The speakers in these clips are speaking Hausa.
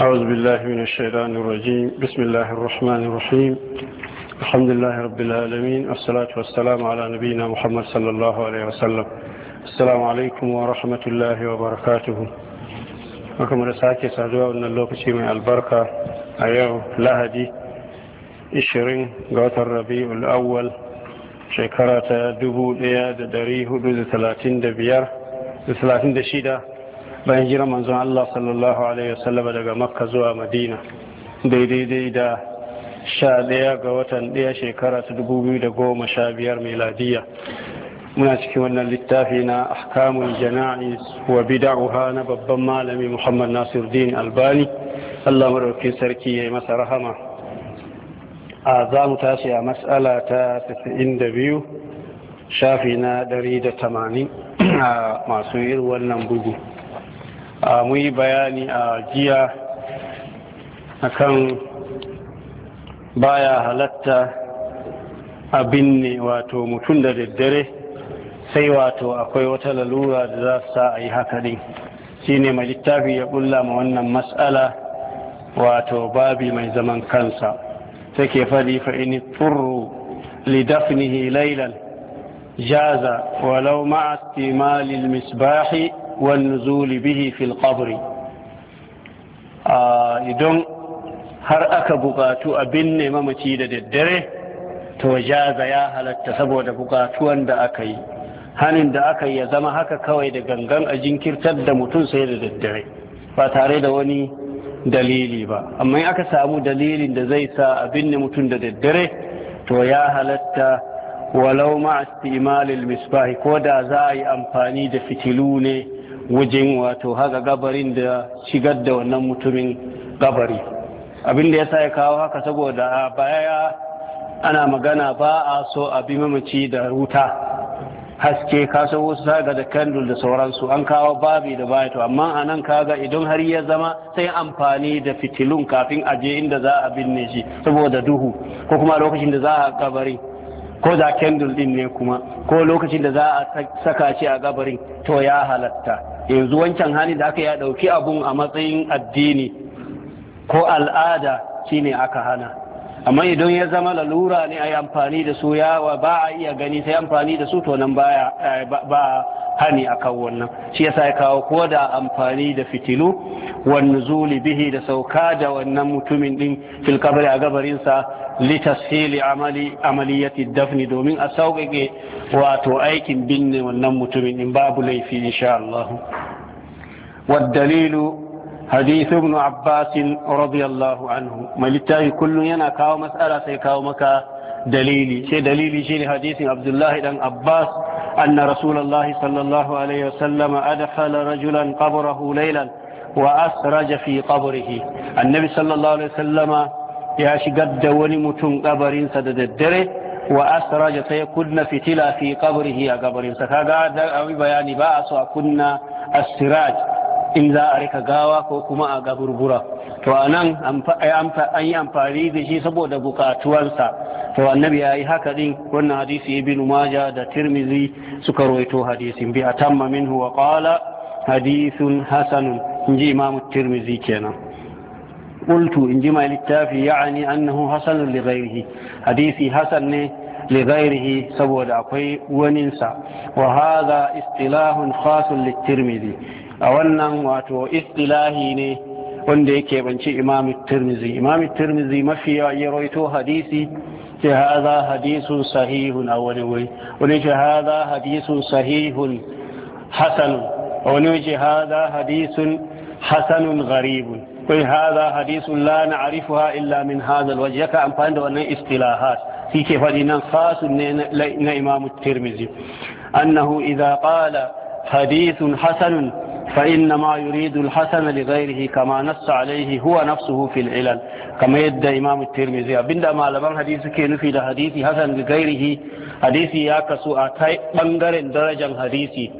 أعوذ بالله من الشيطان الرجيم بسم الله الرحمن الرحيم الحمد لله رب العالمين والصلاة والسلام على نبينا محمد صلى الله عليه وسلم السلام عليكم ورحمة الله وبركاته وكما رساكي سعدوا أن اللوكة من البركة أيوه لهدي ishirin قوت الربيع الأول awwal دبو نياد دريه دو ثلاثين دبيار hudu da talatin bayan jira manzon Allah sallallahu alaihi wasallam daga makka zuwa madina daidai da sha ɗaya ga watan ɗaya shekara ta dubu biyu da goma sha biyar meladiya muna cikin wannan littafi na ahkamun jana'i wa bida'uha na babban malami muhammad Nasir din albani allah maraukin sarki ya yi masa rahama a za mu tashi a matsala ta 92 shafi na 180 a masu irin wannan bugu mun yi bayani a jiya akan baya halatta a binne wato mutum da daddare sai wato akwai wata lalura da za sa a yi hakari shine mai littafi ya kulla ma wannan mas'ala wato babi mai zaman kansa take fari fa in turru li jaza walau ma'a istimalil misbahi والنزول به في القبر idan har aka bukatu a binne mamaci da daddare to jaza ya halatta saboda bukatuwan da aka yi hanin da aka yi ya zama haka kawai da gangan a jinkirtar da mutum sai da daddare ba tare da wani dalili ba amma in aka samu dalilin da zai sa a binne mutum da daddare to ya halatta walau ma istimalil misbahi ko da za a yi amfani da fitilu ne wajen wato haka gabarin da shigar da wannan mutumin gabari abinda da ya sa ya kawo haka saboda a baya ana magana ba a so a bi mamaci da ruta haske kasa wasu saga da kandul da sauransu an kawo babi da baya to amma a nan kaga idan har ya zama sai amfani da fitilun kafin a je inda za a binne shi saboda duhu ko kuma lokacin da za a gabari ko da kandul din ne kuma ko lokacin da za a saka shi a gabarin to ya halatta yanzu wancan hani da aka ya ɗauki abun a matsayin addini ko al'ada shine aka hana amma idan ya zama lalura ne a yi amfani da su yawa ba a iya gani sai amfani da su to nan ba eh, ba hani akan wannan shi yasa ya kawo ko da amfani da fitilu والنزول bihi da sauka da wannan mutumin din fil qabr a gabarin sa li tashil amali amaliyati dafn domin a sauƙaƙe wato aikin binne wannan mutumin din babu laifi insha Allah wa dalilu حديث ابن عباس رضي الله عنه ما لله كل ينا sai مساله سيكاو مكا دليلي شي دليلي شي حديث عبد الله بن عباس ان رسول الله صلى الله عليه وسلم ادخل رجلا قبره ليلا وأسرج في قبره النبي صلى الله عليه وسلم يا شقد ونمتن قبر سدد الدره وأسرج سيكون فتلا في قبره يا قبر سكاقا أبي بياني بأس وكن السراج in za a rika gawa ko kuma a gaburbura to a nan an yi amfani da shi saboda bukatuwansa to annabi ya yi haka din wannan hadisi ibn maja da tirmizi suka roito hadisin bi tamma minhu wa qala hadithun hasanun in ji imam tirmizi kenan bultu in ji mai littafi ya ya'ani annahu hasanun li ghairihi hadisi hasan ne saboda akwai waninsa wa hadha istilahun khasun li a wannan wato istilahi ne wanda yake banci imam tirmizi imam tirmizi mafi ya rawaito hadisi ce haza hadisun sahihun a wani wuri wani ce haza hadisun sahihun hasanun wani wuce haza hadisun hasanun gharibun kun haza hadisun la na arifuwa illa min hazal waje yaka amfani da wannan istilahat fi ke faɗi nan fasun ne na imamu tirmizi annahu idha qala hadisun hasanun fa inna ma yuridu alhasan li kama nassa alayhi huwa nafsuhu fi alilal kama yadda imamu tirmizi abinda malaman hadisi suke nufi da hadisi hasan li ghayrihi hadisi ya kasu a kai bangaren darajan hadisi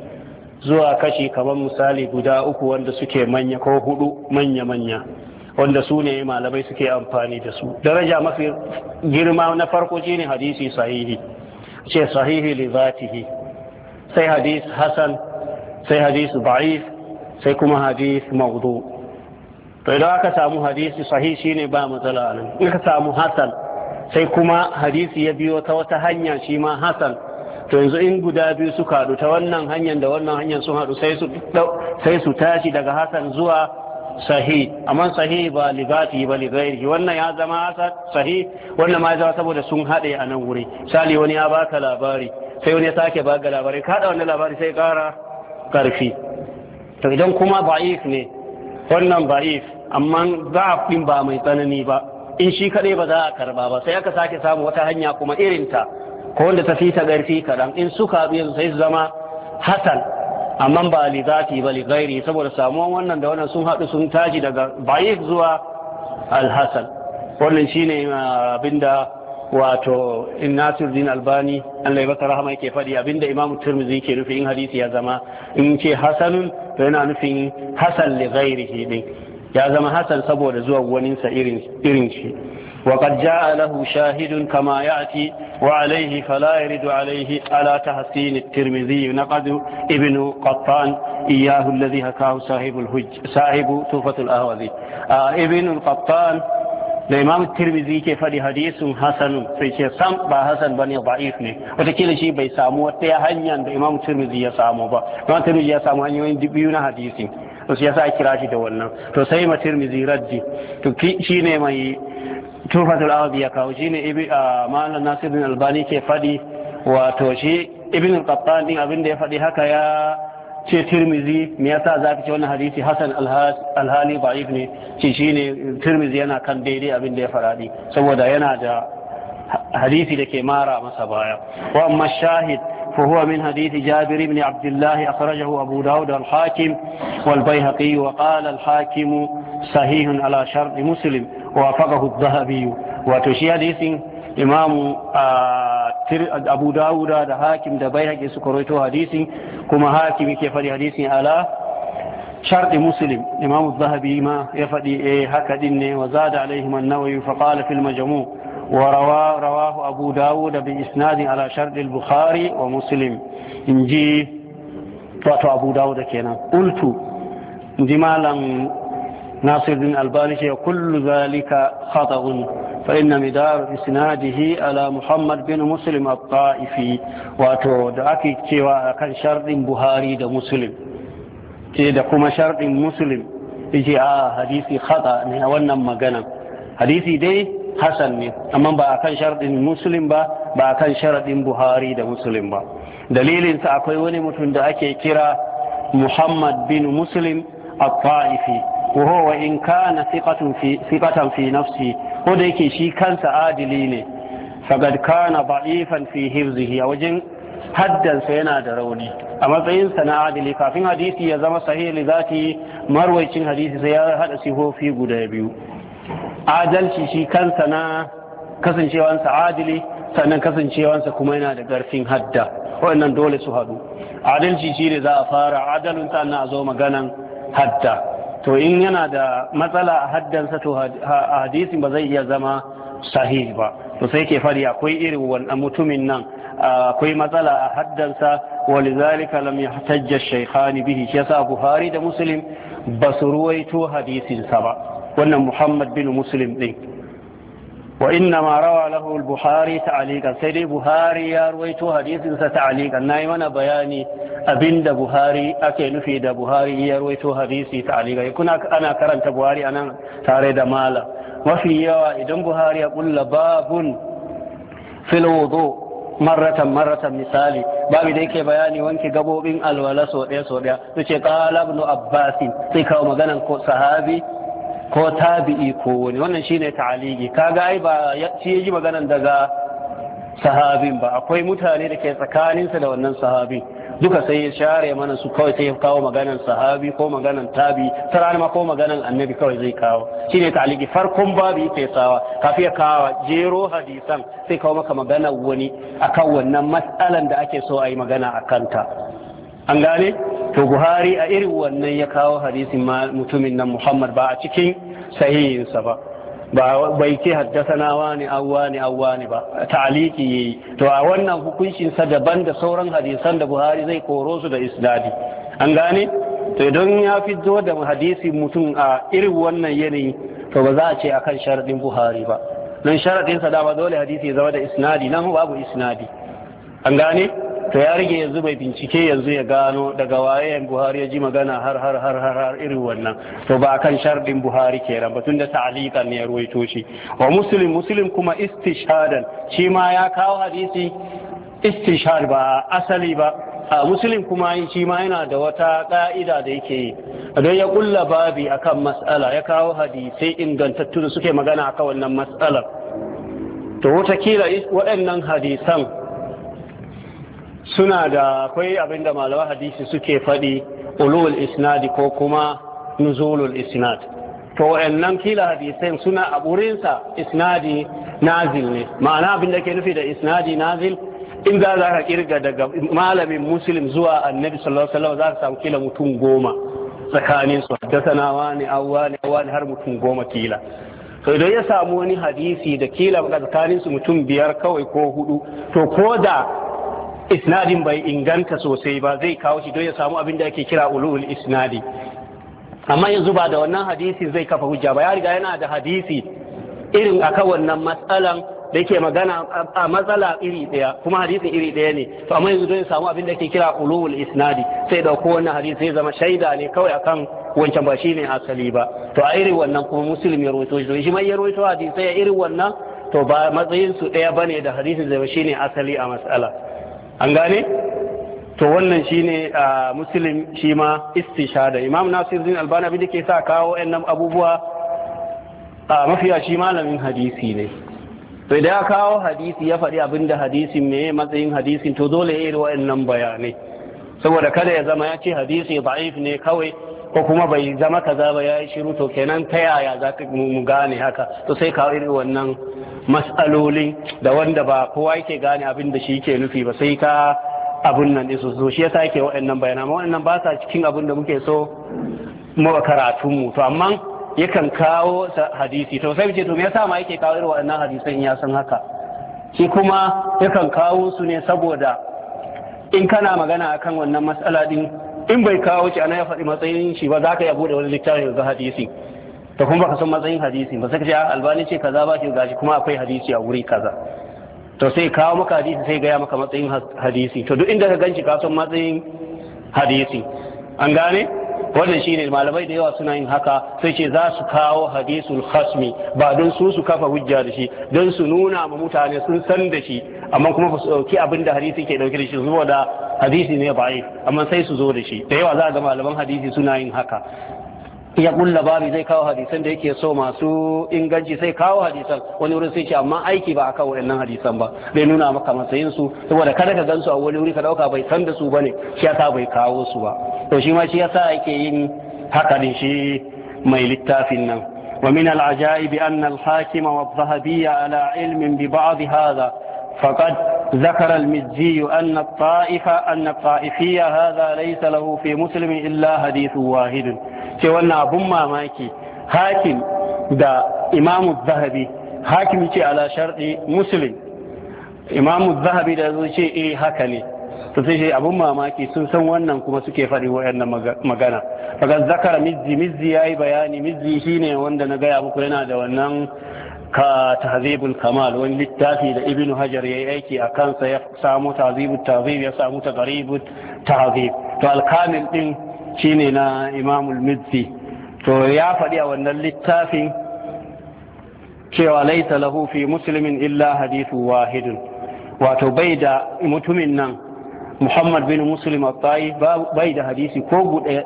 zuwa kashi kamar misali guda uku wanda suke manya ko hudu manya-manya wanda su ne malamai suke amfani da su daraja mafi girma na farko shi ne hadisi sahihi ce sahihi li zatihi sai hadis hasan sai hadis ba'if sai kuma hadis maudu to idan aka samu hadisi sahihi shine ba matsala nan in ka samu hasan sai kuma hadisi ya biyo ta wata hanya shi ma hasan to yanzu in guda biyu suka haɗu ta wannan hanyar da wannan hanyar sun haɗu sai su tashi daga hasan zuwa sahi amma sahi ba ligati ba ligairi wannan ya zama sahi wannan ma ya zama saboda sun haɗe a nan wuri sali wani ya baka labari sai wani ya sake baka labari ka haɗa wani labari sai ƙara ƙarfi to idan kuma ba'if ne wannan ba'if amma za a ɗin ba mai tsanani ba in shi kaɗai ba za a karba ba sai aka sake samu wata hanya kuma irinta ko wanda ta fi ta ƙarfi kaɗan in suka biyu sai su zama hasan amma ba li zati ba li gairi saboda samuwan wannan da wannan sun haɗu sun taji daga bayif zuwa alhasan wannan shine ah, abinda wato in din albani allah ya baka rahama yake faɗi abinda imamu tirmizi ke nufi in hadisi ya zama in ce hasanun to yana nufin hasan li gairihi din ya zama hasan saboda zuwa waninsa irin shi وقد جاء له شاهد كما يأتي وعليه فلا يرد عليه على تحسين الترمذي نقد ابن قطان إياه الذي هكاه صاحب الهج صاحب توفة الأهوذي آه ابن القطان الإمام الترمذي كيف دي حديث حسن في سام با حسن بني ضعيف ne wataƙila shi bai samu wata hanyar da imam tirmidhi ya samu ba imam tirmidhi ya samu hanyoyin biyu na hadisi to shi yasa kira shi da wannan to sai ma tirmidhi raddi to shi ne mai tufatul arabi ya kawo shine malam nasiruddin albani ke faɗi wato shi ibn qattan din abin da ya faɗi haka ya ce tirmizi me yasa zaka ce wannan hadisi hasan alhali da'if ne ce shine tirmizi yana kan daidai abin da ya faɗi saboda yana da hadisi da ke mara masa baya wa amma shahid فهو من حديث جابر بن عبد الله أخرجه أبو داود الحاكم والبيهقي وقال الحاكم صحيح على شرط مسلم وافقه الذهبي وتشي حديث إمام أبو داود هذا حاكم ده بيهقي سكرويته حديث كما حاكم كيف حديث على شرط مسلم إمام الذهبي ما يفدي إيه هكذا وزاد عليهم النووي فقال في المجموع ورواه رواه أبو داود بإسناد على شرط البخاري ومسلم إنجي وأبو داود كنا قلت دمالا ناصر بن الباني كل ذلك خطأ فإن مدار إسناده على محمد بن مسلم الطائفي واتو دعكي تيوا كان شرط بهاري دا مسلم تيدا كما شرط مسلم يجي آه حديثي خطأ نها ونم مغنم حديثي دي حسن ne أما ba a kan sharaɗin musulun ba ba a kan sharaɗin buhari da musulun ba dalilinsa akwai wani mutum da ake at-ta'ifi wa huwa in kana thiqatan fi thiqatan fi yake shi kansa adili ne faqad kana da'ifan fi hifzihi a wajen haddansa yana da rauni a matsayinsa na adali, kafin hadisi ya zama sahili sahihi yi marwaicin hadisi sai ya hada sihofi guda biyu adalci shi kansa na kasancewansa adili sannan kasancewansa kuma yana da ƙarfin hadda waɗannan dole su haɗu adalci shi ne za a fara adalin sannan a zo maganan hatta to in yana da matsala a haddansa to a hadisin ba zai iya zama sahih ba to sai ke fari akwai irin wannan mutumin nan akwai matsala a haddansa walizalika lam yahtajja shaykhani bihi shi yasa buhari da muslim ba su ruwaito hadisinsa ba wannan muhammad bin muslim din wa inna ma rawa lahu al-bukhari ta'liqan sai dai buhari ya ruwaito hadisin sa ta'liqan nayi mana bayani abinda buhari ake nufi da buhari ya ruwaito hadisi ta'liqan kuna ana karanta buhari anan tare da mala mafi yawa idan buhari ya bulla babun fil wudu marratan misali babu dai ke bayani wanke gabobin alwala so daya so daya sai ce qala ibn sai kawo maganan ko sahabi ko tabi'i ko wani wannan shine ta'aliki kaga ai ba shi yaji maganan daga sahabin ba akwai mutane da ke tsakaninsa da wannan sahabin duka sai ya share mana su kawai sai ya kawo maganan sahabi ko maganan tabi sarani ma ko maganan annabi kawai zai kawo shine ta'aliki farkon babu yake sawa kafin ya kawo jero hadisan sai kawo maka magana wani akan wannan matsalan da ake so a yi magana a kanta an gane to buhari a irin wannan ya kawo hadisin mutumin nan muhammad ba a cikin sahihinsa ba ba bai ce haddasana wani awwa ne awwa ne ba ta'aliki yayi to a wannan hukuncinsa daban da sauran hadisan da buhari zai koro su da isnadi an gane to idan ya fito da hadisin mutum a irin wannan yanayi to ba za a ce akan sharadin buhari ba don sharaɗinsa sa dama dole hadisi ya zama da isnadi nan babu isnadi an gane to ya rage yanzu mai bincike yanzu ya gano daga waye buhari ya ji magana har har har har har irin wannan to ba akan shardin buhari ke ran batun da ta'aliqan ne ya ruwaito shi wa muslim muslim kuma istishadan shi ma ya kawo hadisi istishhad ba asali ba a muslim kuma shi ma yana da wata ka'ida da yake yi don ya kulla babi akan mas'ala ya kawo hadisai ingantattu da suke magana akan wannan mas'alar to wata kila waɗannan hadisan suna da akwai abin da malawa hadisi suke faɗi ulul isnadi ko kuma nuzulul isnad to wa'annan kila hadisai suna a burinsa isnadi nazil ne ma'ana abin da ke nufi da isnadi nazil in za za ka kirga daga malamin muslim zuwa annabi sallallahu alaihi wasallam za ka samu kila mutum goma tsakanin su haddathana ne awwa ne har mutum goma kila to idan ya samu wani hadisi da kila tsakanin su mutum biyar kawai ko hudu to ko da isnadin bai inganta sosai ba zai kawo shi don ya samu abin da yake kira ulul isnadi amma yanzu ba da wannan hadisi zai kafa hujja ba ya riga yana da hadisi irin akan wannan matsalan da yake magana a matsala iri daya kuma hadisin iri daya ne to amma yanzu don ya samu abin da yake kira ulul isnadi sai dauko wannan hadisi zai zama shaida ne kawai akan wancan ba shine asali ba to a irin wannan kuma musulmi ya rawaito shi shi mai ya rawaito hadisi ya irin wannan to ba matsayin su daya bane da hadisin zai shine asali a matsala an gane to wannan shine a musulun shi ma istishada imam Nasir albani abin da ke sa kawo nan abubuwa a mafiya shi malamin hadisi ne to da ya kawo hadisi ya faɗi abin da hadisin me matsayin hadisin to dole ya yi nan bayanai saboda kada ya zama ya ce hadisi da'if ne kawai ko kuma bai zama kaza ba ya yi shiru to kenan ta yaya za ka mu gane haka to sai ka iri wannan matsaloli da wanda ba kowa yake gane abin da shi ke nufi ba sai ka abun nan isu so shi yasa yake wa'annan bayana amma waɗannan ba sa cikin abin da muke so mu karatun mu to amma yakan kawo hadisi to sai ce to me yasa ma yake kawo irin waɗannan hadisan ya san haka shi kuma yakan kawo su ne saboda in kana magana akan wannan matsala din in bai kawo shi ana ya faɗi matsayin shi ba za ka ya bude wani littafin yanzu hadisi to kuma baka san matsayin hadisi ba sai ka ce a ah, albani ce kaza ba shi shi kuma akwai hadisi a wuri kaza to sai kawo maka hadisi sai gaya maka matsayin hadisi to duk inda ka ganci ka san matsayin hadisi an gane wannan shine malamai da yawa suna yin haka sai ce za su kawo hadisul khasmi ba don su su kafa hujja da shi don su nuna ma mutane sun san da shi amma kuma su dauki abin da hadisi ke dauke da shi saboda hadisi ne ba'i amma sai su zo da shi da yawa za ga malaman hadisi suna yin haka ya kulla babi zai kawo hadisan da yake so masu inganci sai kawo hadisan wani wurin sai ce amma aiki ba akan waɗannan hadisan ba bai nuna maka matsayin su saboda kada ka gansu a wani wuri ka dauka bai san da su bane shi yasa bai kawo su ba to shi ma shi yasa yake yin haka din shi mai littafin nan wa min al-ajaib anna al-hakim wa ala ilmin bi ba'd hadha فقد ذكر المجي أن الطائفة أن الطائفية هذا ليس له في مسلم إلا حديث واحد ce wannan abun mamaki hakim da imamu zahabi hakim ce ala sharɗi musulun imamu zahabi da zo ce eh haka ne to sai shi abun mamaki sun san wannan kuma suke faɗi wayannan magana daga zakara mizzi mizzi yi bayani mizzi shi ne wanda na gaya muku yana da wannan ka tahzibul kamal wani littafi da ibnu hajar ya yi aiki a kansa ya samu tahzibul tahzib ya samu garibul tahzib to alkamil ɗin. din shine na imamul mizzi to ya faɗi a wannan littafin cewa laita lahu fi musulmin illa hadithu wahidun wato bai da mutumin nan muhammad bin muslim al-tayi bai da hadisi ko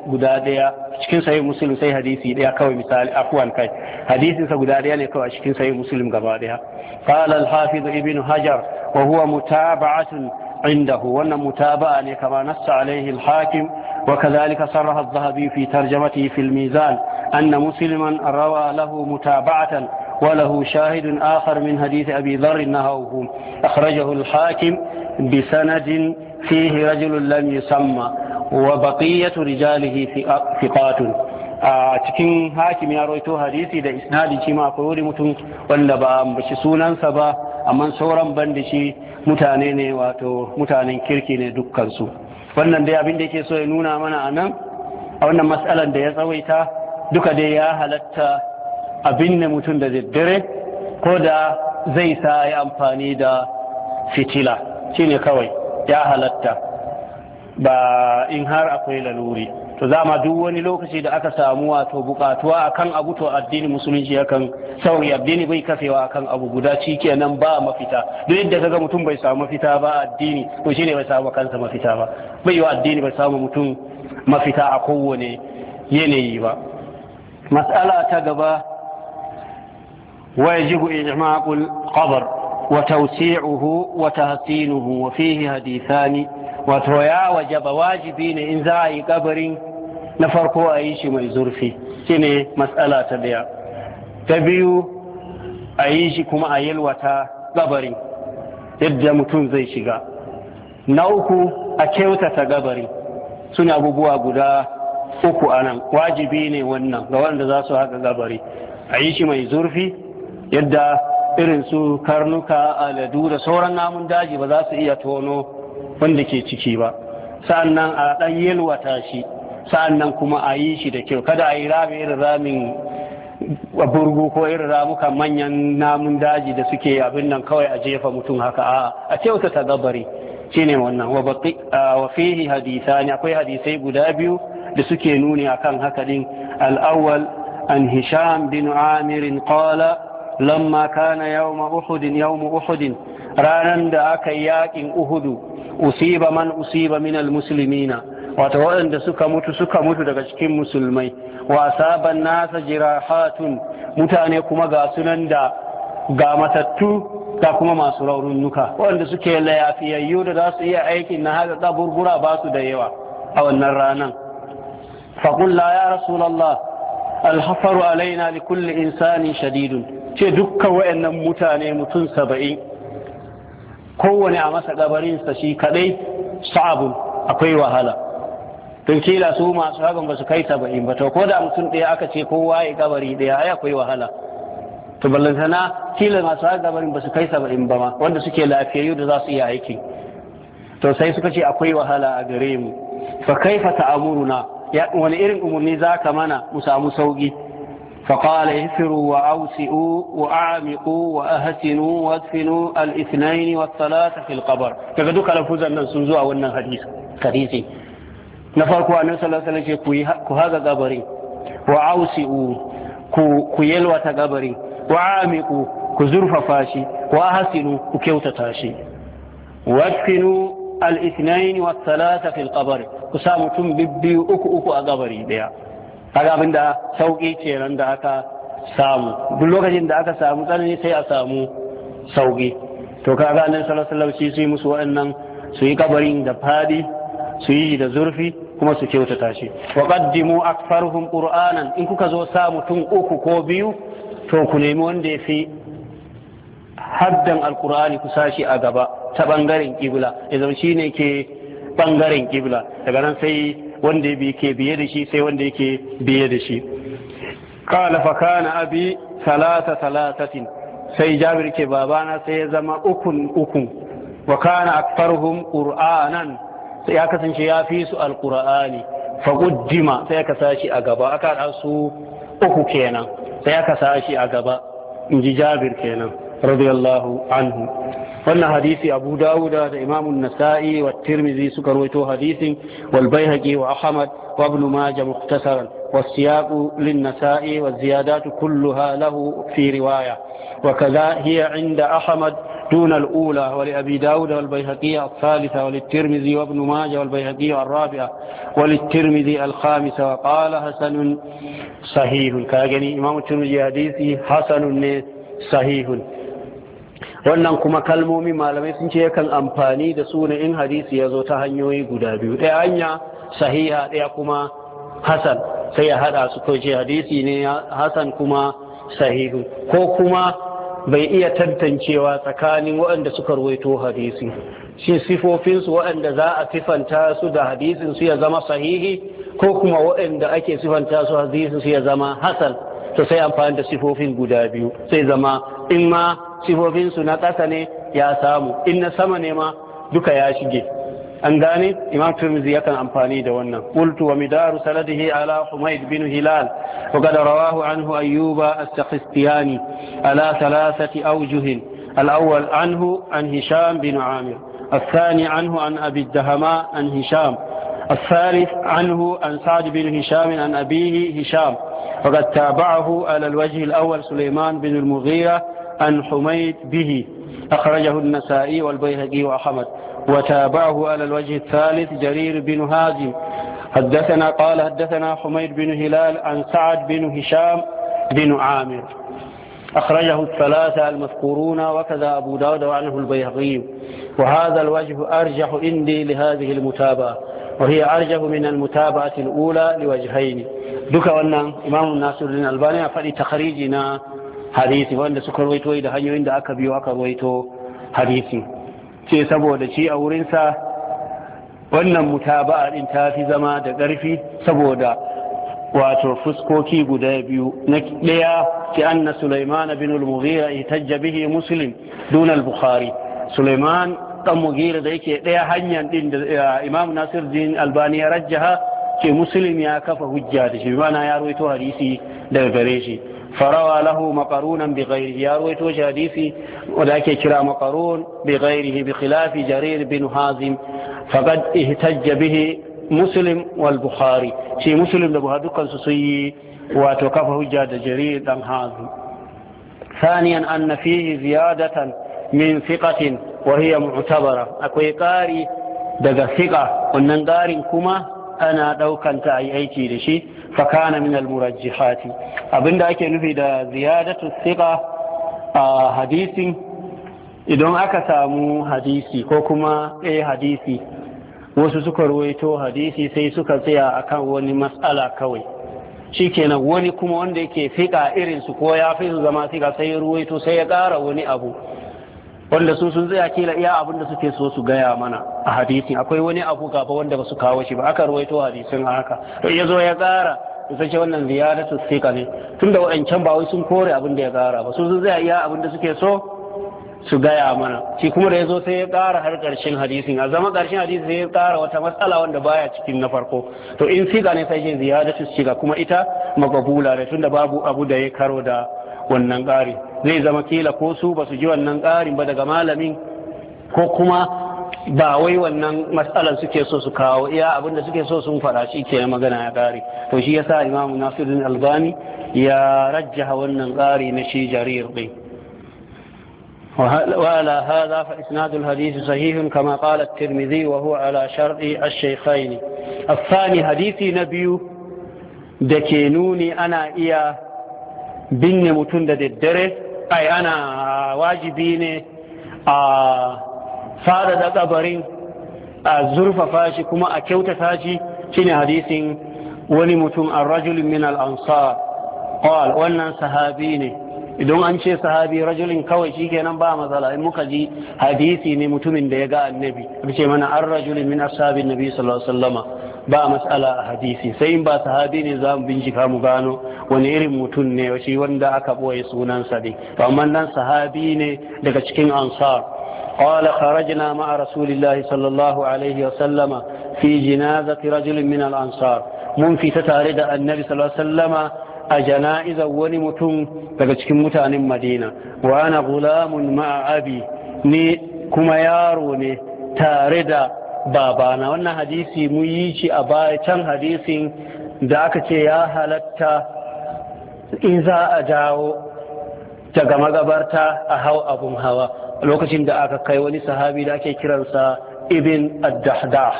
guda daya cikin sahih muslim sai hadisi daya kawai misali afwan kai hadisin sa guda daya ne kawai cikin sahih muslim gaba daya qala al-hafiz ibn hajar wa huwa mutaba'atun indahu wannan mutaba'a ne kama nasta alaihi al-hakim وكذلك صرح الذهبي في ترجمته في الميزان أن مسلما روى له متابعة وله شاهد آخر من حديث أبي ذر نهوه أخرجه الحاكم بسند فيه رجل لم يسمى وبقية رجاله ثقات a cikin hakim ya roito hadisi da isnadin shi ma akwai wani mutum wanda ba ambaci sunansa ba amma sauran ban shi mutane ne wato mutanen kirki ne dukkansu wannan dai abin da yake so ya nuna mana a nan a wannan matsalar da ya tsawaita duka dai ya halatta abin ne mutum da daddare ko da zai sa ya amfani da fitila shine kawai ya halatta ba in har akwai laluri to ma duk wani lokaci da aka samu wato bukatuwa akan abu to addini musulunci yakan sauri addini bai kafewa akan abu guda ci kenan ba mafita duk yadda kaga mutum bai samu mafita ba addini to shine bai samu kansa mafita ba bai yi addini bai samu mutum mafita a kowane yanayi ba mas'ala ta gaba wa yajibu i'maqul qabr وتوسيعه وتحسينه وفيه حديثان وتويا وجب واجبين إن زعي قبر نفرقو أيش ما يزرفي شنو مسألة تبيع تبيو أيش كما أيل وتا قبر يبدأ متون زي شقا نوكو أكيوتا تقبر سنة أبو بوا قدا uku a nan wajibi ne wannan ga wanda za su haka gabari a yi shi mai zurfi yadda irin su karnuka aladu da sauran namun daji ba za su iya tono wanda ke ciki ba sa'annan a ɗan yelwata shi sa'annan kuma a yi shi da kyau kada a yi rami irin ramin burgu ko irin ramuka manyan namun daji da suke abin nan kawai a jefa mutum haka a a kyauta ta gabari Shi ne wannan wa baqi hadisa ne. akwai hadisai guda biyu da suke nuni akan haka din al-awwal an hisham bin amir qala lamma kana yawma uhudin yawma uhudin ranan da aka yakin uhudu usiba man usiba min almuslimina wato waɗanda suka mutu suka mutu daga cikin musulmai wa asaban nasa jirahatun mutane kuma ga sunan da ga matattu da kuma masu raununuka waɗanda suke layafiyayyu da za su iya aikin na haɗa tsaburbura ba su da yawa a wannan ranan faƙulla ya rasulallah alhafaru alaina likulli insani shadidun ce dukkan wayannan mutane mutum saba'in kowane a masa gabarinsa shi kadai sa'abun akwai wahala don kila su masu hagan ba su kai saba'in ba to ko da mutum ɗaya aka ce kowa ya gabari ɗaya ai akwai wahala to ballantana kila masu hakan gabarin ba su kai saba'in ba ma wanda suke lafiyayyu da za su iya aiki to sai suka ce akwai wahala a gare mu fa kaifa ta'amuruna ya wani irin umarni za ka mana mu samu sauki فقال اثروا وأوسئوا وأعمقوا وأهتنوا وادفنوا الاثنين والثلاثة في القبر كذلك لفوز أن سنزوا أولنا حديث حديثي نفرق أن صلى الله عليه وسلم كهذا قبري وأوسئوا كيلوة قبري وأعمقوا كزرف فاشي وأهتنوا كيوت تاشي وادفنوا الاثنين والثلاثة في القبر كسامتم ببي أكو أكو أقبري بيا kaga abin da sauƙi ran da aka samu duk lokacin da aka samu tsanani sai a samu sauƙi to kaga annabi sallallahu alaihi wasallam shi sai musu waɗannan su yi kabarin da fadi su yi da zurfi kuma su kyautata shi wa qaddimu aktharuhum qur'anan in kuka zo sa mutum uku ko biyu to ku nemi wanda ya fi haddan alqur'ani ku sashi a gaba ta ɓangaren ƙibla ya zama shine ke ɓangaren ƙibla daga nan sai wanda ke biye da shi sai wanda yake biye da shi qala fa kana abi salata salatatin sai jabir ke babana sai ya zama ukun ukun wa kana aktharuhum qur'anan sai ya kasance ya fi su alqur'ani fa quddima sai aka sashi a gaba aka su uku kenan sai aka sashi a gaba in ji jabir kenan radiyallahu anhu wannan hadisi abu dawuda da imamun nasa'i wa tirmizi suka rawaito hadisin wal baihaqi wa ahmad wa ibn majah mukhtasaran والسياق للنسائي والزيادات كلها له في رواية وكذا هي عند أحمد دون الأولى ولأبي داود والبيهقي الثالثة وللترمذي وابن ماجه والبيهقي الرابعة وللترمذي الخامسة وقال حسن صحيح كاجني إمام الترمذي حديثي حسن صحيح wannan kuma kalmomi malamai sun ce yakan amfani da su in hadisi ya zo ta hanyoyi guda biyu ɗaya hanya sahiha ɗaya kuma hasan sai ya haɗa su ko ce hadisi ne hasan kuma sahihu ko kuma bai iya tantancewa tsakanin waɗanda suka ruwaito hadisi shi sifofinsu waɗanda za a sifanta su da hadisin su ya zama sahihi ko kuma waɗanda ake sifanta su hadisin su ya zama hasan to sai amfani da sifofin guda biyu sai zama in ma sifofinsu na ƙasa ne ya samu in na sama ne ma duka ya shige an gane imam turmizi yakan amfani da wannan qultu wa midaru sanadihi ala humayd bin hilal wa qad rawahu anhu ayyuba as-sakhistiyani ala thalathati awjuh al-awwal anhu an hisham bin amir الثاني عنه عن أبي الدهماء عن هشام الثالث عنه عن سعد بن هشام عن أبيه هشام وقد تابعه على الوجه الأول سليمان بن المغيرة عن حميد به أخرجه النسائي والبيهقي وأحمد وتابعه على الوجه الثالث جرير بن هازم حدثنا قال حدثنا حميد بن هلال عن سعد بن هشام بن عامر أخرجه الثلاثة المذكورون وكذا أبو داود وعنه البيهقي وهذا الوجه أرجح عندي لهذه المتابعة وهي أرجح من المتابعة الأولى لوجهين duka وأن إمام الناس albani ya فلتخريجنا hadisi wanda suka ruwaito da hanyoyin da aka biyo aka ruwaito hadisi ce saboda ci a wurinsa wannan mutaba'a din ta fi zama da ƙarfi saboda wato fuskoki guda biyu na ɗaya ce anna Sulaiman bin al-Mughira itajja bihi Muslim dun al-Bukhari Sulaiman dan Mughira da yake ɗaya hanyar din da eh, Imam din Albani ya rajjaha ce Muslim ya kafa hujja da shi bana ya ruwaito hadisi daga gare shi farawa lahu makarunan bi ya ruwaito shi hadisi wanda ake kira maqarun bi ghairihi bi khilafi jarir bin hazim faqad ihtajja bihi muslim wal bukhari shi muslim da buhari dukkan wato kafa hujja da jarir dan hazim ثانيا أن فيه زيادة من ثقة وهي معتبرة أكوي ƙari دقى ثقة ونن كما ana ɗaukanta a yi aiki da shi fakana min almurajjihati abinda ake nufi da ziyadatu siƙa a hadisin idan aka samu hadisi ko kuma ɗaya hadisi wasu suka ruwaito hadisi sai suka tsaya akan wani matsala kawai Shi kenan wani kuma wanda yake fiƙa irinsu ko ya fi su zama fiƙa sai ya ruwaito sai ya ƙara wani abu wanda su sun tsaya kila iya abin da suke so su gaya mana a hadisin akwai wani abu gaba wanda ba su kawo shi ba aka ruwaito hadisin haka to ya zo ya tsara to wannan ziyaratu sika ne da wa'ancan ba wai sun kore abin da ya tsara ba su sun tsaya iya abin da suke so su gaya mana shi kuma da ya zo sai ya tsara har ƙarshen hadisin a zama ƙarshen hadisin sai ya tsara wata matsala wanda baya cikin na farko to in siga ne sai shi ziyaratu sika kuma ita magabula ne tunda babu abu da ya karo da wannan ƙari zai zama kila ko su ba su ji wannan ƙarin ba daga malamin ko kuma ba wai wannan matsalan suke so su kawo iya abinda suke so sun faɗa shi ke magana ya ƙare to shi yasa imam nasiruddin albani ya rajja wannan ƙari na shi jarir ɗin وعلى هذا فإسناد الحديث صحيح كما قال الترمذي وهو على شرط الشيخين الثاني حديث nuni دكينوني iya binne mutum da daddare. ai ana wajibi ne a fara da kabarin a zurfafa shi kuma a kyautata shi shine hadisin wani mutum a rajulin min al wannan sahabi ne idan an ce sahabi rajulin kawai shi kenan ba matsala in muka ji hadisi ne mutumin da ya ga annabi ce mana an rajulin min ashabin nabi sallallahu alaihi wasallama ba mas'ala a hadisi sai in ba sahabi ne za mu bincika mu gano wani irin mutum ne shi wanda aka boye sunansa ne amma nan sahabi ne daga cikin ansar قال خرجنا مع رسول الله صلى الله عليه وسلم في جنازة رجل من الأنصار من في تتارد النبي صلى الله عليه وسلم أجنائز ونمتم فقدشكم متان مدينة وأنا غلام مع أبي ني كما ياروني تارد babana wannan hadisi mu yi shi a baya can hadisin da aka ce ya halatta in za a jawo daga magabarta a hau abun hawa lokacin da aka kai wani sahabi da ake kiransa ibn addahdah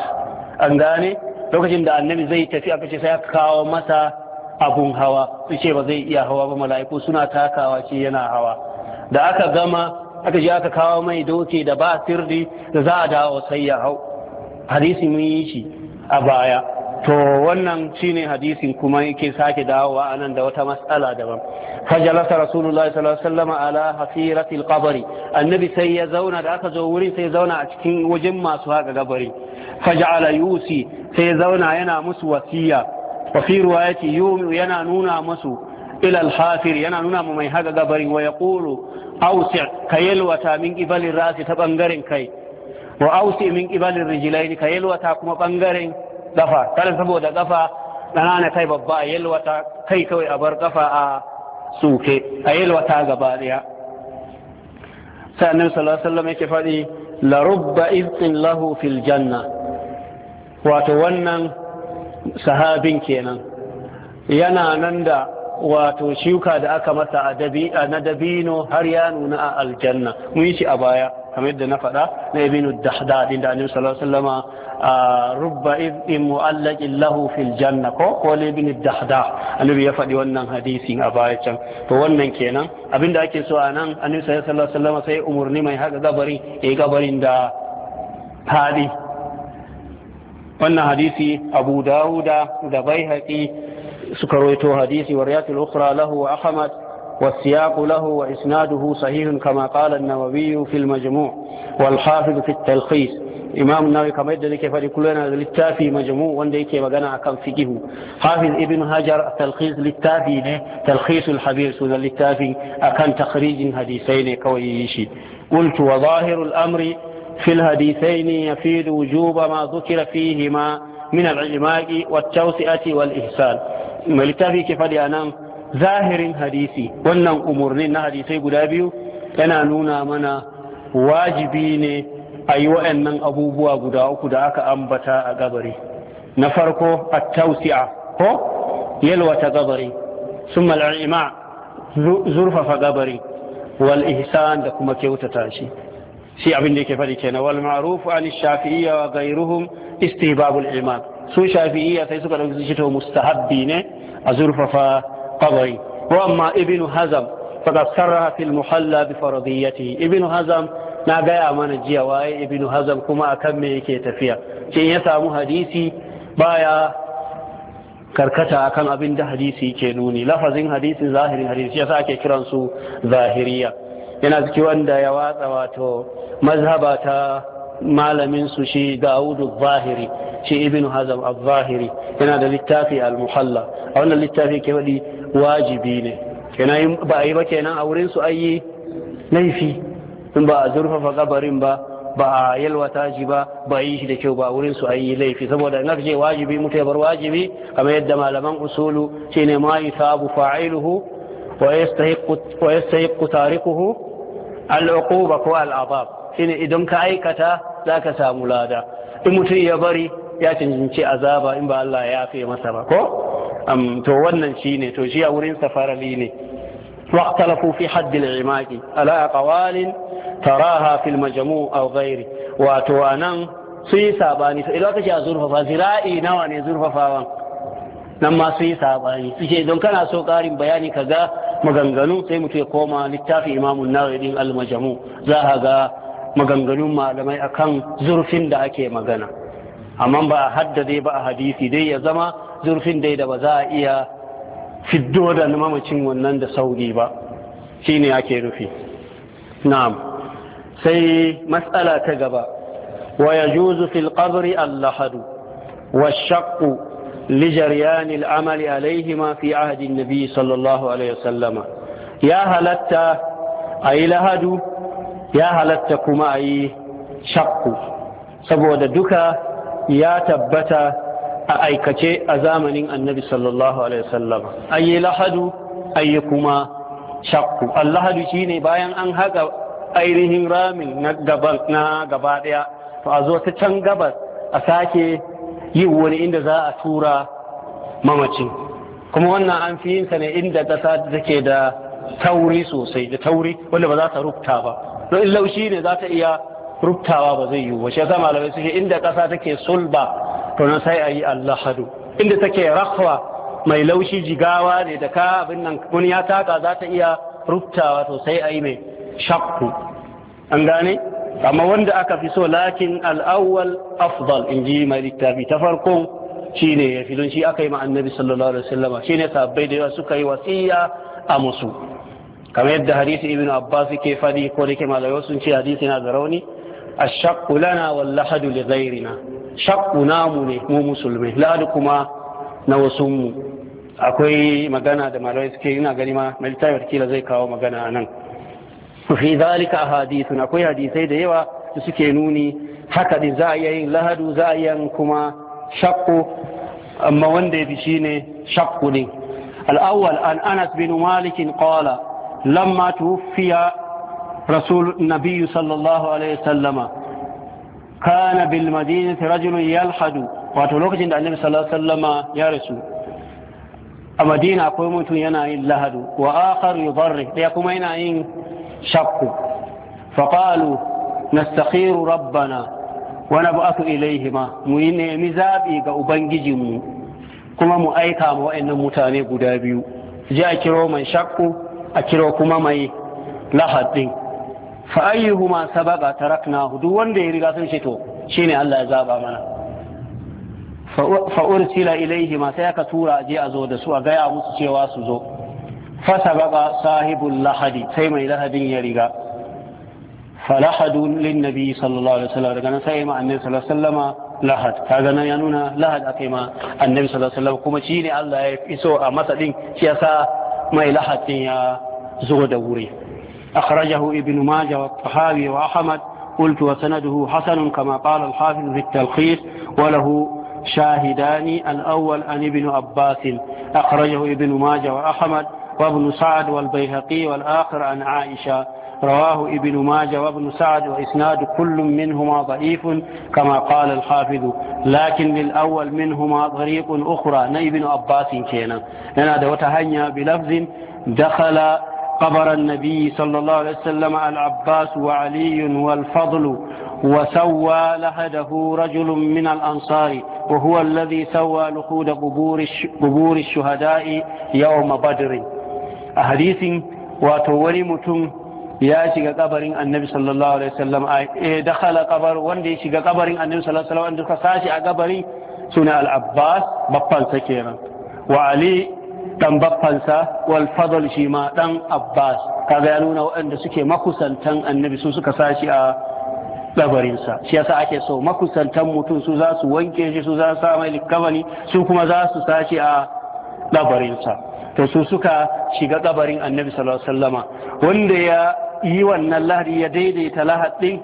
an gane lokacin da annabi zai tafi aka ce sai aka kawo masa abun hawa su ce ba zai iya hawa ba mala'iku suna takawa ce yana hawa da aka gama aka ji aka kawo mai doke da ba sirri da za a dawo sai ya hau hadisi mun yi shi a baya to wannan shine hadisin kuma yake sake dawowa anan da wata matsala daban fajalasa rasulullahi sallallahu alaihi wasallam ala hasiratil qabri annabi sai ya zauna da aka zo wurin sai ya zauna a cikin wajen masu haka gabari faj'ala yusi sai ya zauna yana musu wasiya wa fi riwayati yana nuna musu ila al yana nuna mu mai haka gabari wa yaqulu awsi wata min qibali ta bangaren kai wa ausi min qibalir rijlain ka yalwata kuma bangaren kafa Kada saboda kafa ƙanana kai babba a yalwata kai kawai a bar kafa a suke a yalwata gaba daya sannan sallallahu alaihi wasallam yake faɗi la rubba izin lahu fil janna wato wannan sahabin kenan yana nan da wato shuka da aka masa na dabino har ya nuna a aljanna mun shi a baya kamar yadda na faɗa na ibinu dahdadin da annabi sallallahu alaihi a rubba ibn mu'allaqin lahu fil janna ko ko ibn dahda annabi ya faɗi wannan hadisin a baya can to wannan kenan abinda ake so a nan annabi sallallahu alaihi wasallam sai umurni mai haka gabari eh gabarin da hadi wannan hadisi abu dawuda da bai haƙi سكرويتو حديثي والريات الأخرى له وأحمد والسياق له وإسناده صحيح كما قال النووي في المجموع والحافظ في التلخيص إمام النووي كما يدري كيف كلنا للتافي مجموع وندي كيف بغنا كم فيه حافظ ابن هجر التلخيص للتافي تلخيص الحبير سودا للتافي أكان تخريج حديثين كويشي قلت وظاهر الأمر في الحديثين يفيد وجوب ما ذكر فيهما من العلماء والتوسئة والإحسان mai littafi ke faɗi a nan zahirin hadisi wannan umarnin na hadisai guda biyu yana nuna mana wajibi ne a yi wa'annan abubuwa guda uku da aka ambata a gabari na farko a tausi'a ko yalwata gabari sun mal'ima zurfafa gabari wal ihsan da kuma kyautata shi shi abin da yake faɗi kenan wal ma'ruf an shafi'iyya wa gairuhum istihbabul imam su shafi'iyya sai suka ɗauki shi to mustahabbi ne a zurfafa kabari wa amma ibnu hazam faqad sarraha fil muhalla bi faradiyatihi ibnu hazam na gaya mana jiya waye ibnu hazam kuma akan me yake tafiya shin ya samu hadisi baya karkata akan abin da hadisi ke nuni lafazin hadisin zahirin hadisi yasa ake kiran su zahiriya yana ciki wanda ya watsa wato mazhaba ta malamin su shi Dawudu Zahiri shi Ibn Hazm al-Zahiri yana da littafi al-Muhalla a wannan littafi ke wadi wajibi ne kenan ba a yi ba kenan a wurin su ayi laifi in ba a zurfafa kabarin ba ba a yalwata shi ba ba yi shi da kyau ba wurin su ayi laifi saboda in aka ce wajibi mutu ya bar wajibi kamar yadda malaman usulu shine ma yusabu fa'iluhu wa yastahiqqu wa yastahiqqu tarikuhu al-uquba ko al-adab shine idan ka aikata za ka samu lada in mutum ya bari ya cancanci azaba in ba Allah ya fi masa ba ko to wannan shine to shi a wurin safarali ne واختلفوا في حد العماق على قوال تراها في المجموع أو غيره واتوانا سي ساباني إذا كشي nan ma su yi sabani su ce don kana so karin bayani ka ga maganganu sai mutu ya koma littafi imamun nawawi din almajamu za a ga maganganun malamai akan zurfin da ake magana amma ba a haddade ba a hadisi dai ya zama zurfin dai da ba za a iya fiddo da mamacin wannan da sauri ba shine ake rufi na'am sai matsala ta gaba wa yajuzu fil qabri al-lahadu wa shaqqu li jaryan al-amal alayhima fi ahdi an-nabi sallallahu alaihi ya halatta ayi lahadu ya halatta kuma a yi shakku saboda duka ya tabbata a aikace a zamanin annabi sallallahu alaihi wasallam an yi lahadu an yi kuma shakku allahadu ne bayan an haka ainihin ramin na gaba daya to a zo ta can gabas a sake yi wani inda za a tura mamacin kuma wannan an fi yinsa ne inda ƙasa take da tauri sosai da tauri wanda ba za ta rubta ba don in laushi ne za ta iya rubtawa ba zai yiwu shi yasa malamai suke inda ƙasa take sulba to nan sai a yi allahadu inda take rahwa mai laushi jigawa ne da ka abin nan wani ya taka za ta iya rubtawa to sai a yi mai shakku an gane amma wanda aka fi so lakin al'awwal afdal in ji mai littafi ta farkon shi ne ya fi don shi aka yi ma annabi sallallahu alaihi wasallama shi ne sabbai da yawa suka yi wasiya a musu kamar yadda hadisi ibn abbas ke fadi ko da ke malamai sun ce hadisi na da rauni ashaqqu lana wal lahadu li ghayrina shaqqu namu ne mu musulmai lahadu kuma na wasu mu akwai magana da malamai suke ina gani ma mai kila zai kawo magana anan fi zalika ahadithun akwai hadisai da yawa da suke nuni haka din za a iya yin lahadu za a iya kuma shakku amma wanda ya fi shi ne shakku ne al'awwal an anas bin malikin qala lamma tuwfiya rasul nabiyyu sallallahu alaihi wasallama kana bil madinati rajulun yalhadu wato lokacin da annabi sallallahu alaihi wasallama ya rasu a madina akwai mutum yana yin lahadu wa akhar yudarri ya kuma yana yin shakku faqalu nastakhiru rabbana wani abu aku ilaihima mu yi nemi zaɓi ga ubangijinmu kuma mu aika ma wa'annan mutane guda biyu ji a kiro mai shakku a kiro kuma mai lahadin fa ayyuhuma ta rakna duk wanda ya riga sun to shine Allah ya zaba mana fa ursila ilaihima sai aka tura je a zo da su a gaya musu cewa su zo fa sababa sahibul lahadi sai mai lahadin ya riga فلحدوا للنبي صلى الله عليه وسلم كان سيما أن النبي صلى الله عليه وسلم لحد هذا ما ينونا لحد أكيما النبي صلى الله عليه وسلم كما شيني الله يفسو أمسلين شيسا ما لحد يا زغد وري أخرجه ابن ماجة والطحاوي وأحمد قلت وسنده حسن كما قال الحافظ في التلخيص وله شاهدان الأول عن ابن أباس أخرجه ابن ماجة وأحمد وابن سعد والبيهقي والآخر عن عائشة رواه ابن ماجه وابن سعد وإسناد كل منهما ضعيف كما قال الحافظ لكن للأول منهما طريق أخرى ابن أباس كينا لنا دوت هنيا بلفظ دخل قبر النبي صلى الله عليه وسلم العباس وعلي والفضل وسوى لهده رجل من الأنصار وهو الذي سوى لخود قبور قبور الشهداء يوم بدر احاديث وتوري متم ya shiga kabarin annabi sallallahu alaihi wasallam eh dakhala kabar wanda ya shiga kabarin annabi sallallahu alaihi wasallam duka sashi a kabari suna al-abbas babban sa kenan wa ali dan babban sa wal fadl shi ma dan abbas kaga ya nuna waɗanda suke makusantan annabi su suka sashi a kabarin sa shi yasa ake so makusantan mutum su za su wanke shi su za su sa mai likabani su kuma za su sashi a kabarin sa to su suka shiga kabarin annabi sallallahu alaihi wasallama wanda ya yi wannan lahadi ya daidaita lahadin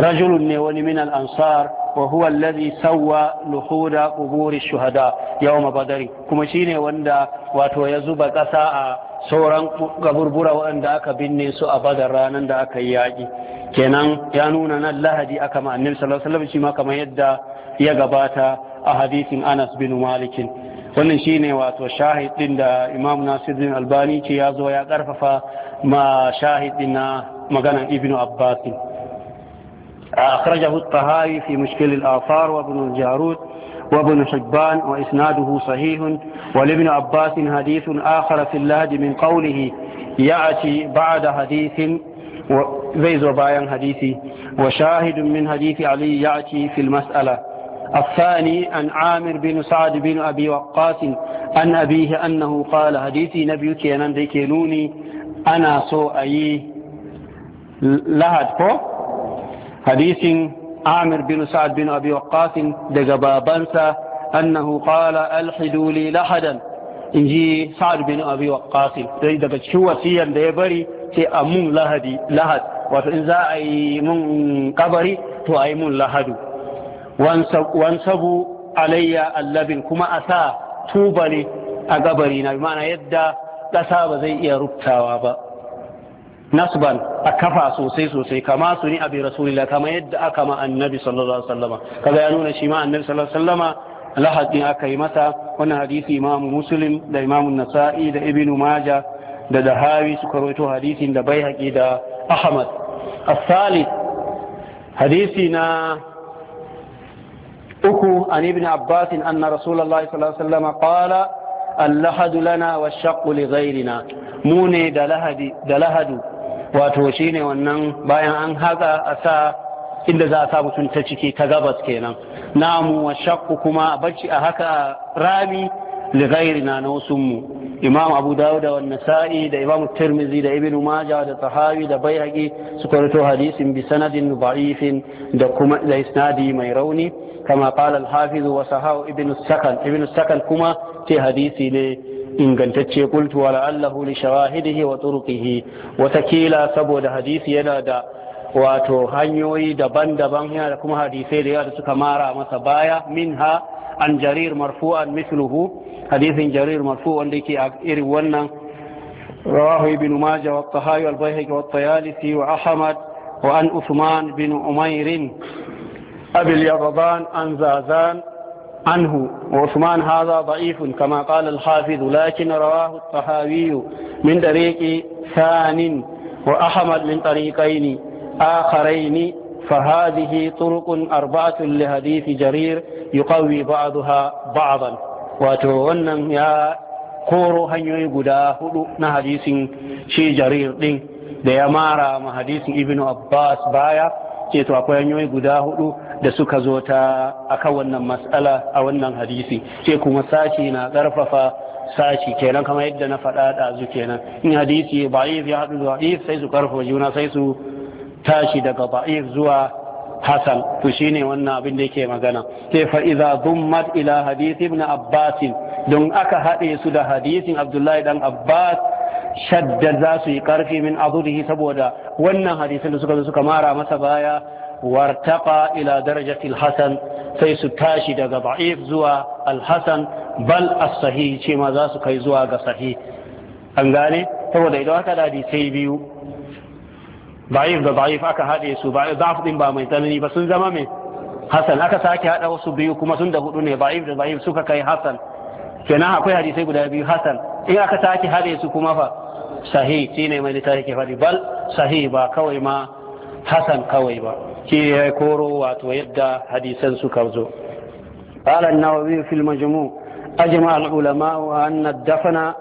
rajulun ne wani min ansar wa huwa alladhi luhuda ƙuguri shuhada yau badr kuma shine wanda wato ya zuba ƙasa a sauran gaburbura waɗanda aka binne su a badar ranar da aka yi yaƙi kenan ya nuna nan lahadi aka ma annabi sallallahu shi ma kamar yadda ya gabata a hadisin Anas bin Malikin. wannan shine wato shahidin da imam nasiruddin albani ce ya zo ya karfafa ma shahidin na maganan ibnu abbas أخرجه الطهاري في مشكل الآثار وابن الجارود وابن حبان وإسناده صحيح ولابن عباس حديث آخر في اللهج من قوله يأتي بعد حديث وزيز بايان حديثي وشاهد من حديث علي يأتي في المسألة الثاني عن عامر بن سعد بن أبي وقاص عن أبيه أنه قال حديثي نبيك ينام ديكينوني أنا سو أي لهد كو حديث عامر بن سعد بن أبي وقاص دقبابنسا أنه قال ألحدوا لي لحدا in ji sa'ad bin abi waqqasin sai daga cikin wasiyan da ya bari sai a mun lahadi lahad wato in za a yi mun kabari to a yi mun lahadu wansabu alayya allabin kuma a sa tubali a gabari na ma'ana yadda ƙasa ba zai iya rubtawa ba nasban a kafa sosai sosai kama su ni abi rasulillah kama yadda aka ma annabi sallallahu alaihi wasallama kaga ya nuna shi ma annabi sallallahu alaihi wasallama lahadin aka yi masa wannan hadisi imamu muslim da imamu nasa'i da ibnu maja da dahawi suka rawaito hadisin da baihaqi da ahmad الثالث hadisi na. أكو عن ابن عباس أن رسول الله صلى الله عليه وسلم قال اللحد لنا والشق لغيرنا موني دلهد دلهد واتوشيني ونن باين أن هذا أسا inda za a sa mutum ta ciki ta gabas kenan namu wa shakku kuma bacci a haka rami li na wasu mu imam abu dawud da nasa'i da imam tirmizi da ibnu maja da tahawi da baihaqi suka rawaito hadisin bi sanadin da'ifin da kuma da isnadi mai rauni kama qala al-hafiz wa sahahu sakan ibnu sakan kuma ce hadisi ne ingantacce qultu wa la'allahu li shawahidihi wa turqihi wata kila saboda hadisi yana da wato hanyoyi daban-daban yana da kuma hadisai da yawa da suka mara masa baya minha an jarir marfu'an misluhu hadisin jarir marfu wanda yake a irin wannan rawahu ibn majah wa tahawi al bayhaqi wa tayalisi wa ahmad wa an usman bin umair abi al-yadban an zazan عنه kama هذا ضعيف كما lakin الحافظ لكن رواه الطحاوي من طريق ثان وأحمد من طريقين آخرين فهذه طرق أربعة لحديث جرير yuqawi ba'daha ba'dan wato wannan ya koro hanyoyi guda hudu na hadisin shi jarir din da ya mara ma hadisin ibnu abbas baya ce to akwai hanyoyi guda hudu da suka zo ta akan wannan matsala a wannan hadisi ce kuma sashi na karfafa sashi kenan kamar yadda na faɗa ɗazu kenan in hadisi ba'if ya hadu da sai su karfafa juna sai su tashi daga ba'if zuwa Hassan to shine wannan abin da yake magana sai fa'iza idza dhummat ila hadith ibn abbas don aka haɗe su da hadisin abdullahi dan abbas shadda za su yi karfi min azurihi saboda wannan hadisin da suka suka mara masa baya wartaqa ila darajati al sai su tashi daga da'if zuwa alhassan bal a sahi ce za su kai zuwa ga sahi. an gane saboda idan haka da hadisai biyu da'if da da'if aka haɗe su ba da'if din ba mai tsanani ba sun zama mai hasan aka sake haɗa wasu biyu kuma sun da hudu ne da'if da da'if suka kai hasan kenan akwai hadisai guda biyu hasan in aka sake haɗe su kuma fa sahih shine mai littafi ke faɗi bal sahih ba kawai ma hasan kawai ba shi koro wato yadda hadisan suka zo قال النووي في المجموع أجمع العلماء أن الدفن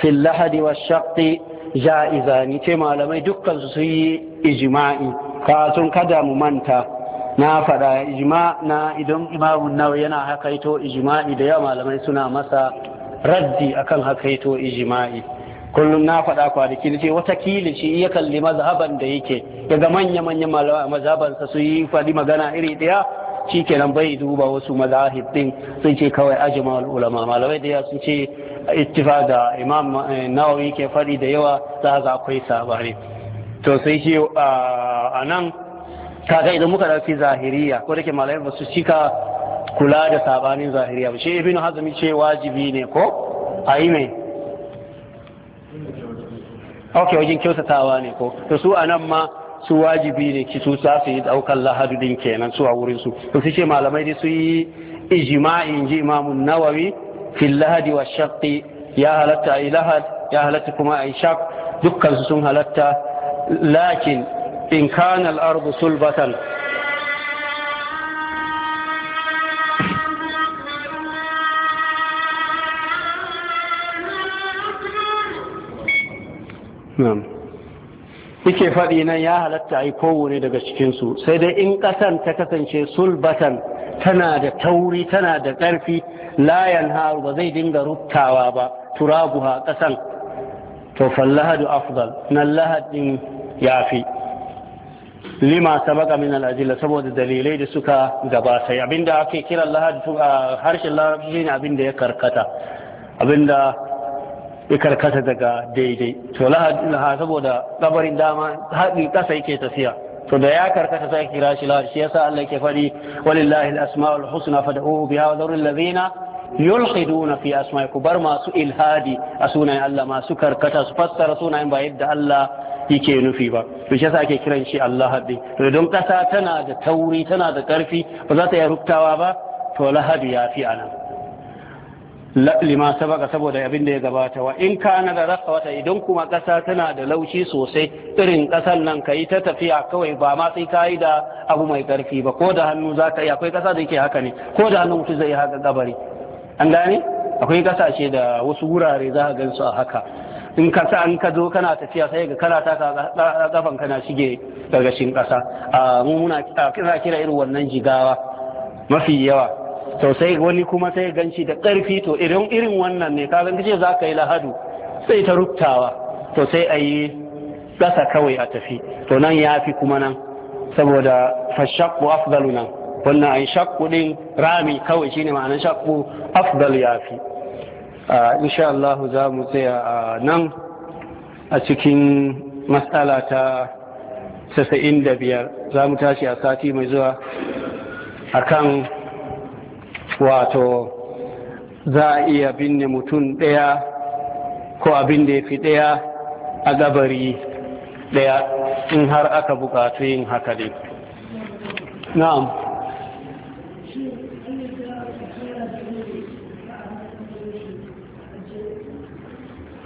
في اللحد والشق جائزان كما لم يدق سي ijma'i ka sun kada mu manta na fada ijma na idan imamun nawa yana hakaito ijma'i da yawa malamai suna masa raddi akan hakaito ijima'i? kullum na faɗa kwanaki da ce kili shi iya kalli mazhaban da yake daga manya-manyan sa su yi faɗi magana iri ɗaya shi kenan bai duba wasu mazahib ɗin sun ce kawai ajima ulama malamai da sun ce ittifa da imam eh, nawawi ke faɗi da yawa za ga akwai sabani to sai shi a nan kaga idan muka ɗauki zahiriya ko da ke malamai ba su cika kula da sabanin zahiriya ba shi ibnu hazami ce wajibi ne ko a yi mai ok wajen kyautatawa ne ko to su a nan ma su wajibi ne ki su za su yi ɗaukar lahadudin kenan su a wurin su to su ce malamai dai su yi in ji imamun nawawi fil lahadi wa shaqqi ya halatta a yi lahad ya halatta kuma a yi shaq dukkan su sun halatta lakin in الأرض سلبة sulbatan Ike faɗi nan ya halatta a yi kowane daga cikinsu sai dai in ƙasan ta kasance sulbatan tana da tauri tana da ƙarfi layan haru ba zai dinga rubtawa ba turabuha ƙasan to fallahadu afdal na lahadin ya fi lima sabaka min al'ajila saboda dalilai da suka gabata abinda ake kira harshen larabci ne abinda ya karkata abinda ya karkata daga daidai to laha saboda kabarin dama haɗi ƙasa yake tafiya to da ya karkata sai kira shi lahar shi yasa Allah yake faɗi walillahi al-asma'ul husna fad'uhu biha wa dharul ladhina yulhiduna fi asma'i ku bar masu ilhadi a sunayen Allah masu karkata su fassara sunayen ba yadda Allah yake nufi ba to shi yasa ake kiran shi Allah hadi to don kasa tana da tauri tana da karfi ba za ta yi rubtawa ba to lahadu ya fi anan lima sabaka saboda abin da ya gabata wa in kana da rakawata idan kuma kasa tana da laushi sosai irin kasan nan kayi ta tafiya kawai ba ma sai kayi da abu mai karfi ba ko da hannu za ka yi akwai kasa da yake haka ne ko da hannu mutum zai yi haka gabari an gane akwai kasashe da wasu wurare za a gan su a haka in ka sa in ka zo kana tafiya sai ga kana ta kafan kana shige gargashin kasa a mu muna kira kira irin wannan jigawa mafi yawa sai wani kuma sai ganci da karfi to irin irin wannan ne ka ganke za ka yi lahadu sai ta ruktawa to sai a yi kasa kawai a tafi to nan ya fi kuma nan saboda fashaqqu afdalu nan wannan ai shakku din rami kawai shine ma'anar shakku afdal ya fi insha Allah za mu tsaya a nan a cikin matsala ta da biyar za mu tashi a sati mai zuwa a kan wato za a iya binne mutum ɗaya ko abin da ya fi ɗaya a gabari ɗaya in har aka bukatu yin haka ne na'am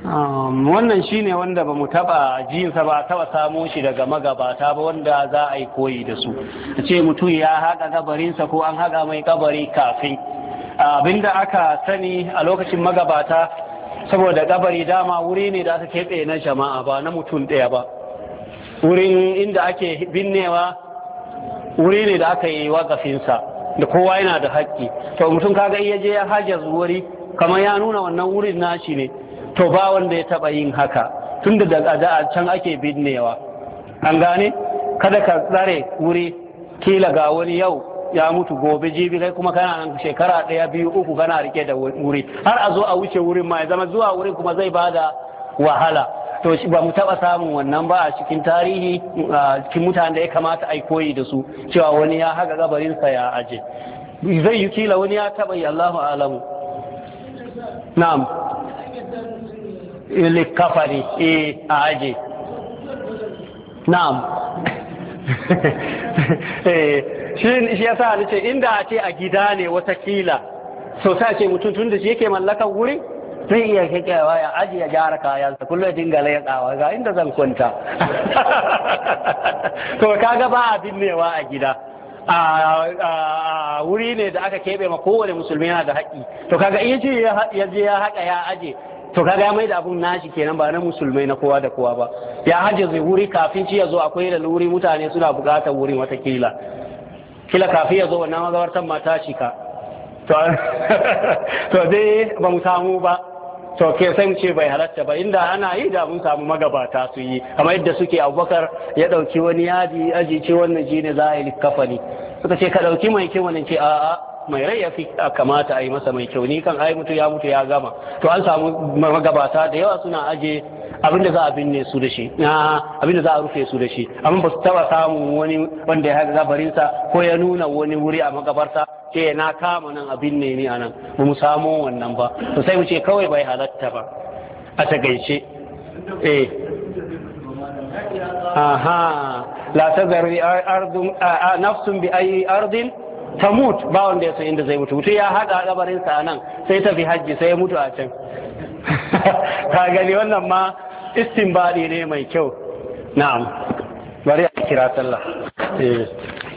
Um, wannan shine wanda ba mu taba jinsa ba taba samo shi daga magabata ba wanda za a yi koyi da su a ce mutum ya haka kabarinsa ko an haka mai kabari kafin abinda aka sani a lokacin magabata saboda kabari dama wuri ne da aka keɓe na jama'a ba na mutum ɗaya ba wurin inda ake binnewa wuri ne da aka yi wakafinsa da kowa yana da haƙƙi to mutum kaga iya je ya hajar wuri kamar ya nuna wannan wurin nashi ne to ba wanda ya taba yin haka tunda daga a can ake binnewa an gane kada ka tsare wuri kila ga wani yau ya mutu gobe jibi kai kuma kana nan shekara ɗaya biyu uku kana rike da wuri har a zo a wuce wurin ma ya zama zuwa wurin kuma zai ba da wahala to ba mu taba samun wannan ba a cikin tarihi a cikin mutanen da ya kamata a koyi da su cewa wani ya haka sa ya aje zai yi kila wani ya taba yi Allahu alamu na'am likafari eh a aje na'am eh, shi ya sa nace inda a ce a gida ne watakila so sa ce mutum tun da shi yake mallakan wuri zai iya kekewa ya aji ya gyara kayansa kullum ya dinga laikawa ga inda zan kwanta to kaga ba a binnewa a gida a wuri ne da aka keɓe ma kowane musulmi yana da haƙƙi to kaga in ce ya je ya haƙa ya aje to kaga ya da abun nashi kenan ba na musulmai na kowa da kowa ba ya zai wuri kafin ci ya zo akwai da wuri mutane suna bukatar wuri watakila kila kafin ya zo nama magabartan mata shi ka to dai ba mu samu ba to ke mu ce bai halatta ba inda ana yi da mun samu magabata su yi kamar yadda suke abubakar ya dauki wani yadi aji ce wannan jini ne za a yi kafani suka ce ka dauki mai kin wannan ce a'a mai rai ya fi kamata a yi masa mai kyau ni kan ai mutu ya mutu ya gama to an samu magabata da yawa suna aje abin da za a binne su da shi abin da za a rufe su da shi amma ba su taba samun wani wanda ya barin sa ko ya nuna wani wuri a magabarta ce eh, na kama nan a ne ni a nan ba mu samu wannan ba to sai mu ce kawai bai halatta ba a takaice eh aha la tazari ardun nafsun bi ayi ardin ta mut ba wanda ya san inda zai mutu mutu ya haɗa kabarinsa a nan sai tafi hajji sai ya mutu a can ka gani wannan ma istinbadi ne mai kyau na'am bari a kira sallah eh.